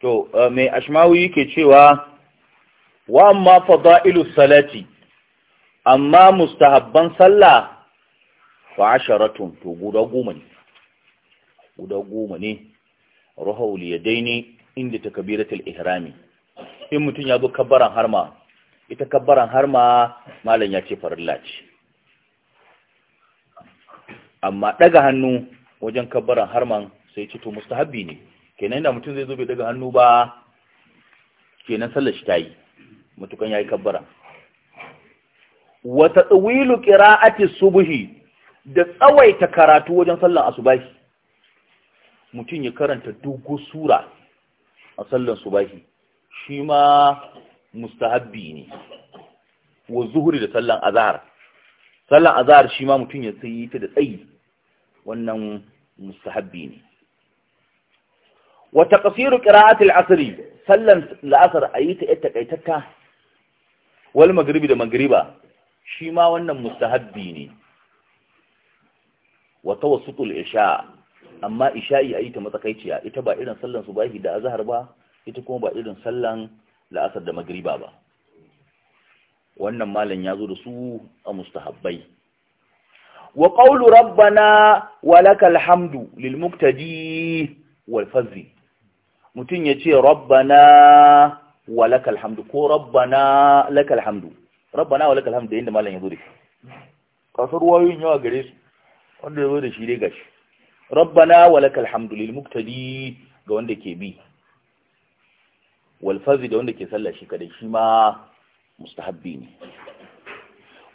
to eh, mai ashmawi yake cewa wa amma fada'ilu salati amma mustahabban sallah fa asharatun to guda goma ne guda goma ne ruhul yadaini inda takbiratul ihrami in mutun ya zo kabbaran harma ita kabbaran harma malam ya ce farilla ce amma daga hannu wajen kabbaran harman sai ce to mustahabbi ne kenan da mutum zai zo bai daga hannu ba kenan sallar shi ta yi mutukan ya yi kabbara wata tsawilu ƙira'ati subuhi da tsawaita karatu wajen sallar asubahi mutum ya karanta dogo sura a sallar subahi shi ma mustahabbi ne wa zuhuri da sallar azahar sallar azahar shi ma mutum ya sayi ta da tsayi wannan mustahabbi ne wata taqsiru qira'atil asiri, sallan la'asar yi ta ita kaitaka wal magribi da magriba shi ma wannan mustahabbi ne wa tawassutul isha amma isha'i yi ta matsakaiciya ita ba irin sallan subahi da azahar ba ita kuma ba irin sallan la'asar da magriba ba wannan malam ya zo da su a mustahabbai wa qawlu rabbana wa lakal hamdu lil muktadi wal fazli mutum ya ce rabbana wa lakal hamdu ko rabbana lakal hamdu rabbana wa lakal hamdu inda malam ya zo da shi kasar wayoyin yawa gare su wanda ya zo da shi dai gashi rabbana wa lakal hamdu lil muktadi ga wanda ke bi wal fazi da wanda ke sallah shi kadai shi ma mustahabbi ne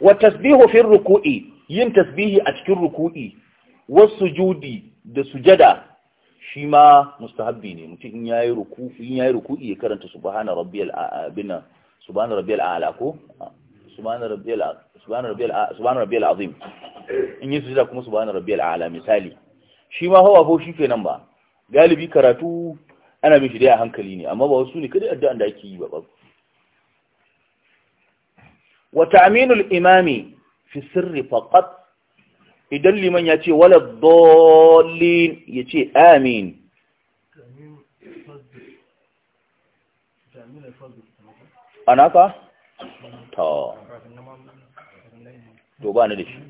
wa tasbihu fi ruku'i yin tasbihi a cikin ruku'i wa sujudi da sujada shi ma mustahabbi ne mutum in yayi ruku in yayi ruku ya karanta subhana rabbiyal abina subhana rabbiyal a'la ko subhana rabbiyal subhana rabbiyal subhana rabbiyal azim in yi sujada kuma subhana rabbiyal a'la misali shi ma hawa ko shikenan ba galibi karatu ana bin shi dai a hankali ne amma ba wasu ne kada addu'a da ake yi ba ba wa ta'minul imami fi sirri faqat idan liman ya ce wala dolin ya ce amin a na ka? ta to ba na da shi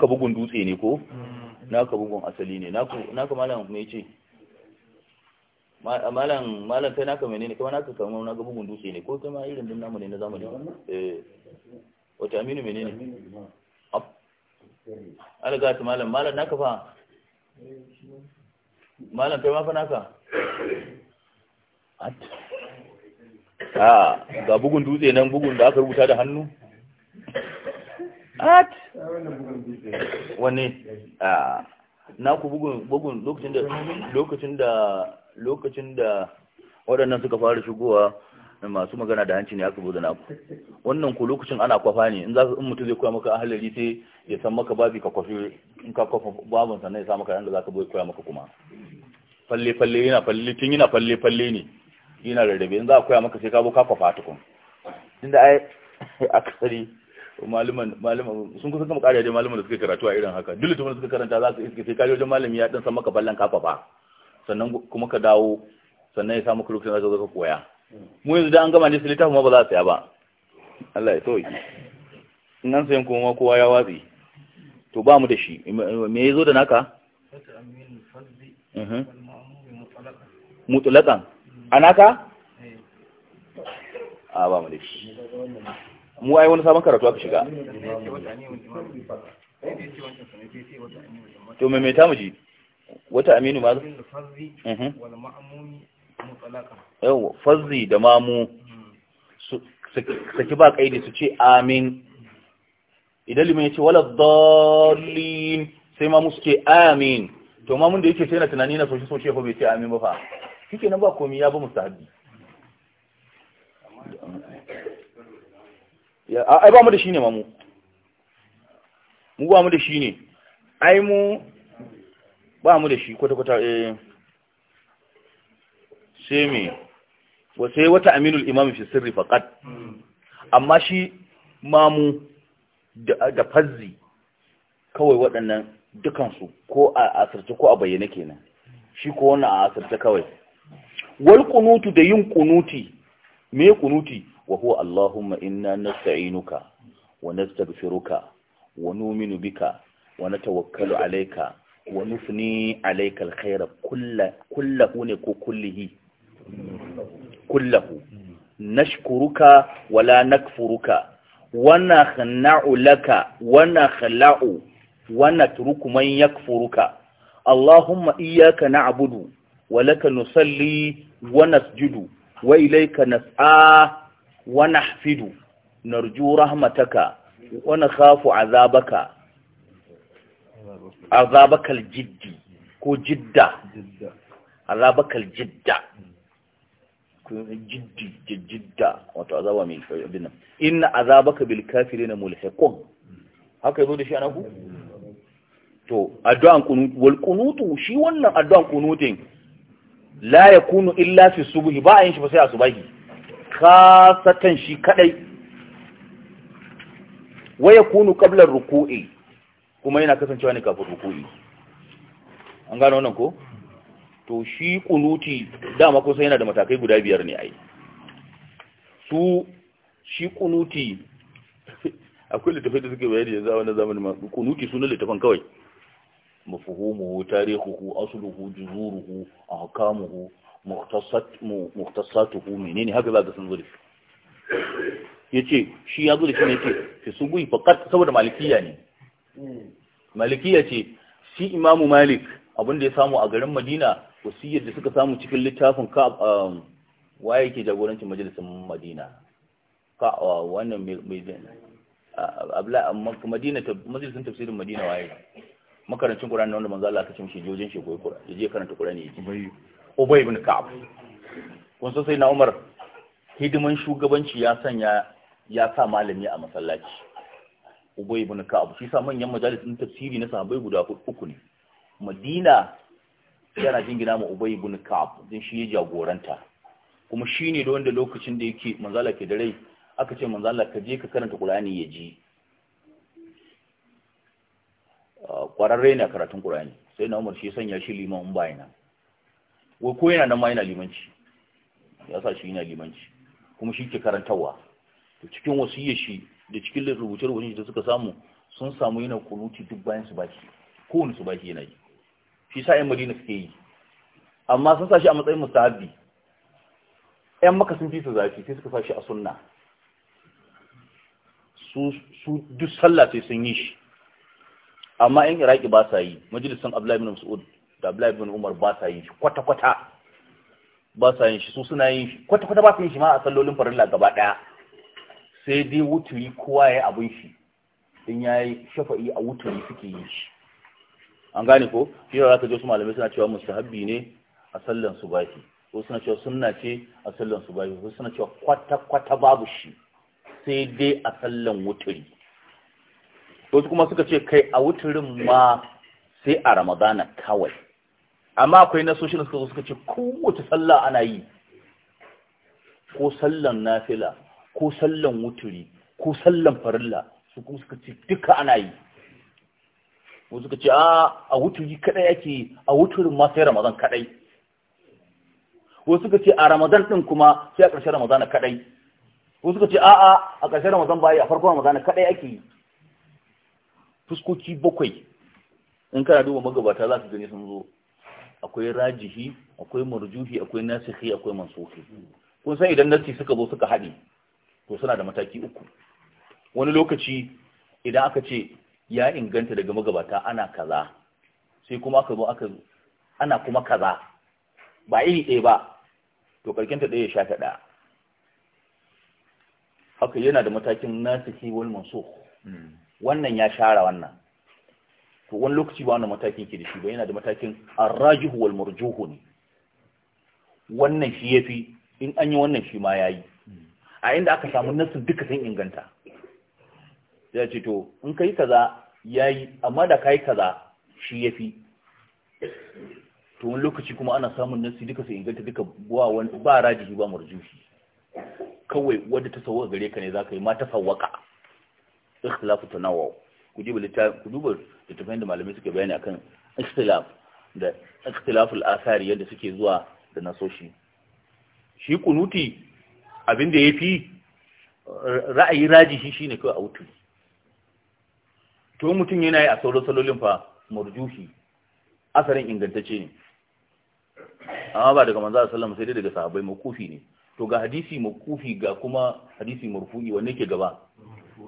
ka bugun dutse ne ko? Na ka bugun asali ne Na ka malam mai ce malam mai kai Kama na ka kama na ga bugun dutse ne ko kama irin din namu ne na zamani eh wata aminu ne? alga ta malam malam naka fa malam kai ma fa naka a ga bugun dutse nan bugun da aka rubuta da hannu at wani a ku bugun bugun lokacin da lokacin da lokacin da waɗannan suka fara shigowa masu magana da hanci ne aka bude naku wannan ko lokacin ana kwafa ne in za in mutum zai koya maka ahalari sai ya san maka babi ka kwafi in ka kwafa babin sannan ya sa maka yanda ka koya maka kuma falle falle yana falle tun yana falle falle ne yana rarrabe in za a koya maka sai ka zo ka kwafa tukun inda ai akasari malaman malaman sun kusa kama kare da malaman da suke karatu a irin haka dole tun suka karanta za su iske sai kaje wajen malami ya dan san maka ballan kafafa sannan kuma ka dawo sannan ya samu lokacin da ka zo ka koya mu yanzu da an gama ne su littafin ma ba za a saya ba Allah ya sauki Nan an sayan kuma kowa ya watsi to ba mu da shi me ya zo da naka mhm. mutulakan a naka a ba mu da shi mu ai wani sabon karatu aka shiga to maimaita mu ji wata aminu ma zai fazzi da mamu su ba kaidi su ce amin idan limin ya ce wala dalilin sai mamu su ce amin to mamun da yake sai na tunani na soshi soshi ko ce amin ba fa shike nan ba komi ya ba mustahabi haɗi ai ba mu da shi ne mamu mu ba mu da shi ne ai mu ba mu da shi kwata-kwata eh sai me wa sai wata aminul imam fi sirri faqat amma shi mamu da fazzi kawai waɗannan dukansu ko a asirce ko a bayyana kenan shi ko wannan a asirce kawai wal kunutu da yin kunuti me kunuti wa huwa allahumma inna nasta'inuka wa nastaghfiruka wa nu'minu bika wa natawakkalu alayka wa nufni alayka alkhayra kullahu ne ko kullihi kullahu nashkuruka wala nakfuruka wa nakhna'u laka wa nakhla'u wa natruku man yakfuruka allahumma iyyaka na'budu wa laka nusalli wa nasjudu wa ilayka nas'a wa nahfidu narju rahmataka wa nakhafu 'adhabaka azabakal jiddi ko jidda azabakal jidda jiddi jidda wato azaba mai abin nan inna azabaka bil kafirin mulhiqun haka yazo da shi anaku to addu'an kunut wal shi wannan addu'an kunutin la yakunu illa fi subhi ba yin shi ba sai a subahi khasatan shi kadai wa yakunu qabla ruku'i kuma yana kasancewa ne kafin ruku'i an gano wannan ko to shi kunuti dama kusa yana da matakai guda biyar ne ai su shi kunuti akwai littafai da suke bayani yanzu a wannan zamanin ma kunuti na littafan kawai mafuhumuhu tarihuhu asluhu juzuruhu ahkamuhu muhtasatuhu menene haka za ka san zuri yace shi ya zuri shine yace fi sugui faqat saboda malikiya ne hmm. malikiya ce shi imamu malik abin da ya samu a garin madina wasiyar da suka samu cikin littafin ka um, waye ke jagorancin majalisar madina ka uh, wannan mai uh, abla um, madina majalisar tafsirin madina waye makarancin qur'ani wanda manzo Allah ya kace mishi jojin shi goyi qur'ani yaje karanta qur'ani yaje ubay ibn ka'ab kun san sai na umar hidiman shugabanci ya sanya ya sa malami a masallaci ubay ibn ka'ab shi sa manyan majalisar tafsiri na sahabbai guda uku ne madina yana jin gina ma ubay ibn kaf din shi ya jagoranta kuma shine da wanda lokacin da yake manzala ke da rai aka ce manzala ka je ka karanta qur'ani ya ji ah, kwararre ne a karatun qur'ani sai na umar shi sanya shi liman bayina wai ko yana nan ma yana limanci ya sa shi yana limanci kuma shi ke karantawa. to cikin wasiyya shi da cikin rubutun wani da suka samu sun samu yana kunuti duk bayan su baki kowane su baki yana yi shi sa ‘yan madina suke yi amma sun sa shi a matsayin mustahabbi ‘yan maka sun fi su zafi sai suka sa shi a sunna su duk sallah sai sun yi shi amma ‘yan iraki ba sa yi majalisun abdullahi bin mas'ud da abdullahi bin umar ba sa yin shi kwata-kwata ba sa yin shi su suna yin shi kwata-kwata ba sa yin shi ma a sallolin farilla gaba ɗaya sai dai wuturi kowa ya abin shi in ya yi shafa'i a wuturi suke yin shi an gane ko shi ya ka ji wasu malamai suna cewa mustahabbi ne a sallan baki ko suna cewa sunna ce a sallan baki ko suna cewa kwata kwata babu shi sai dai a sallan wuturi wasu kuma suka ce kai a wuturin ma sai a ramadana kawai amma akwai nasoshin suka zo suka ce kowace sallah ana yi ko sallan nafila ko sallan wuturi ko sallan farilla su kuma suka ce duka ana yi wasu suka ce ah, a wuturi kadai ake a wuturin ma sai ramadan kadai wasu suka ce a ramadan din kuma sai a ƙarshen ramadan kadai wasu suka ce a a ƙarshen ramadan bai a farkon ramadan kadai ake yi fuskoki bakwai in kana duba magabata za su gani sun zo akwai rajihi akwai marjuhi akwai nasihi akwai mansuhi kun san idan nasi suka zo suka haɗe to suna da mataki uku wani lokaci idan aka ce ya inganta daga magabata ana kaza sai kuma aka zo aka ana kuma kaza ba iri ɗaya ba to karkinta ɗaya ya sha ta ɗaya haka yana da matakin nasihi wal mansukh hmm. wannan ya share wannan to wani lokaci ba wannan matakin ke da shi ba yana da matakin raji wal marjuhu ne wannan shi ya fi in an yi wannan shi ma ya yi hmm. a inda aka samu nasin duka sun inganta ya ce to in kai kaza yayi amma da kai kaza shi yafi to wani lokaci kuma ana samun nasi duka su inganta duka ba wani ba rajihi ba marjuhi kawai wadda ta sauwa gare ka ne zaka yi ma ta sawwaka ikhtilafu tanawwu ku ji littafin ku duba littafin da malamai suke bayani akan ikhtilaf da ikhtilaful asari yadda suke zuwa da nasoshi shi kunuti abin da yafi ra'ayi rajihi shine kawai a wutu. to mutum yana yi a sauran salolin fa murjuhi asarin ingantacce ne amma ba daga manzo sallallahu sai dai daga sahabbai makufi ne to ga hadisi makufi ga kuma hadisi marfu'i wanne ke gaba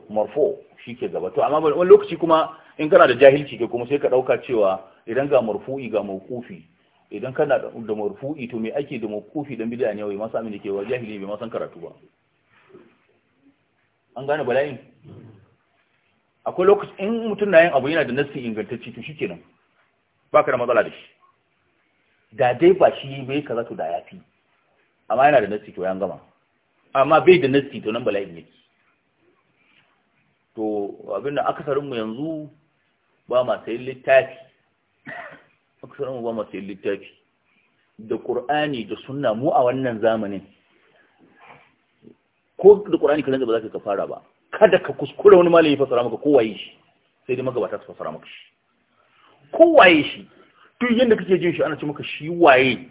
marfu ke gaba to amma wani lokaci kuma in kana da jahilci ke kuma sai ka dauka cewa idan ga marfu'i ga makufi idan kana da marfu'i to me ake da makufi dan bid'a ne wai masa amin ke wa jahili bai ma san karatu ba an gane bala'in akwai lokaci in mutum na yin abu yana da nassin ingantacci to shikenan baka da matsala da shi da dai ba shi bai kaza to da yafi amma yana da nassi to ya gama amma bai da nassi to nan bala'in yake to abin da akasarin mu yanzu ba ma sayin littafi akasarin mu ba ma sayin littafi da qur'ani da sunna mu a wannan zamanin ko da qur'ani kalan da ba za ka fara ba kada ka kuskura wani malami ya fassara maka kowaye shi sai dai magabata su fassara maka shi kowaye shi duk yadda kake jin shi ana ce maka shi waye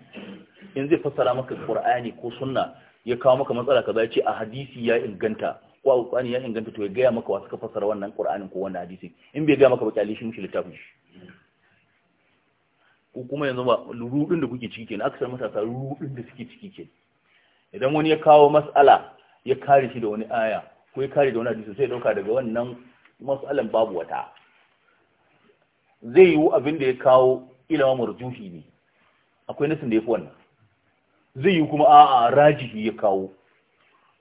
in zai fassara maka qur'ani ko sunna ya kawo maka matsala kaza ya ce a hadisi ya inganta ko qur'ani ya inganta to ya gaya maka wa suka fassara wannan qur'ani ko wannan hadisi in bai gaya maka ba kyalishi shi mushi littafin shi ko kuma yanzu ba rudin da kuke ciki kenan akasar matasa rudin da suke ciki kenan idan wani ya kawo matsala ya kare shi da wani aya ko ya kare da wani hadisi sai dauka daga wannan mas'alan babu wata zai yiwu abin da ya kawo ilawa marjuhi ne akwai nasin da ya fi wannan zai yiwu kuma a'a rajihi ya kawo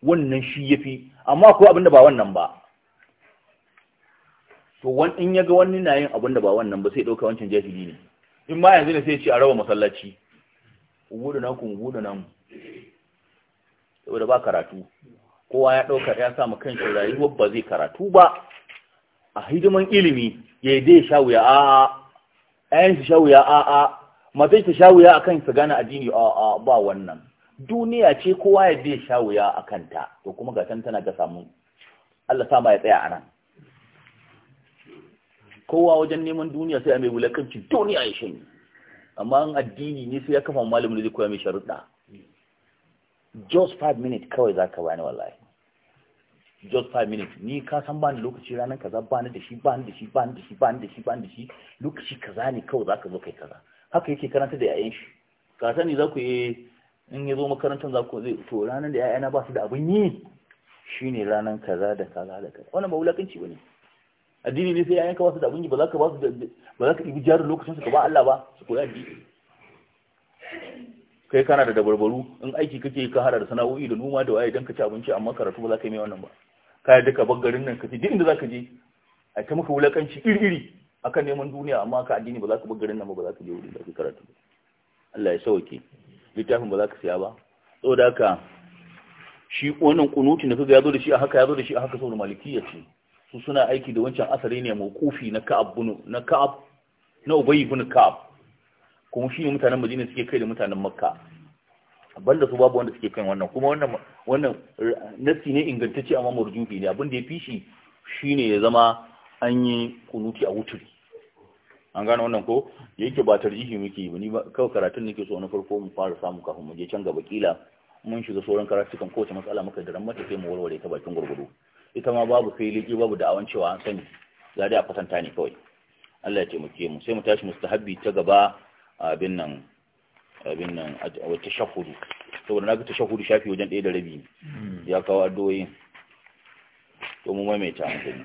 wannan shi ya fi amma akwai abin da ba wannan ba to in ya ga wani na yin abin da ba wannan ba sai ɗauka wancan jahili ne in ma yanzu ne sai ce a raba masallaci gudu na kun gudu nan saboda ba karatu kowa ya ɗaukar ya samu kanshi rayuwar ba zai karatu ba a hidiman ilimi ya yi dai sha wuya a'a ayan shi shawuya a a'a matan ta sha wuya akan su gane addini a'a ba wannan duniya ce kowa ya dai sha wuya a kanta to kuma ga tana ga samu Allah sama ya tsaya a nan. kowa wajen neman duniya sai a mai wulakanci duniya ya shanye amma an addini ne sai ya kafa malamin da zai koya mai sharuɗa just five minutes kawai za ka bani wallahi just five minutes ni ka san bani lokaci ranan kaza bani da shi bani da shi bani da shi bani da shi bani da shi lokaci kaza ne kawai zaka zo kai kaza haka yake karanta da yayan shi ka sani za ku yi in ya zo makarantar za ku zai to ranar da yayana ba su da abin yi shine ranar kaza da kaza da kaza wannan ba wulakanci bane addini ne sai ka ba su da abin yi ba za ka ba su ba za ka ɗibi jari lokacin su ka ba Allah ba su koyi addini kai kana da dabarbaru in aiki kake ka hada da sana'o'i da noma da waye don ka ci abinci amma karatu ba za ka yi mai wannan ba ka yadda bangaren bar garin nan ka ji duk inda ka je a ta maka wulakanci iri-iri kan neman duniya amma ka addini ba za ka bar garin nan ba za ka je wurin da ka karatu Allah ya sauke littafin ba za ka siya ba saboda haka shi wannan kunuti da kaga ya zo da shi a haka ya zo da shi a haka saboda malikiyya ce su suna aiki da wancan asari ne mawqufi na Ka'ab bunu na Ka'ab na ubayi bunu Ka'ab kuma shi ne mutanen Madina suke kai da mutanen Makka banda su babu wanda suke kan wannan kuma wannan wannan nasi ne ingantacce amma murjufi ne abin da ya fi shi shine ya zama an yi kunuti a wuturi an gane wannan ko yake ba tarjihi muke yi ni ba kawai karatun nake so na farko mu fara samu kafin mu je can gaba kila mun shiga sauran karatukan kowace matsala muka da mata sai mu warware ta bakin gurguru ita ma babu sai liki babu da'awan cewa an sani za dai a kwatanta ne kawai Allah ya taimake mu sai mu tashi mustahabbi ta gaba abin nan abin nan a tashahudu saboda na ga tashahudu shafi wajen ɗaya da rabi mm. ya kawo addu'o'i to mu maimaita hankali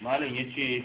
malam yace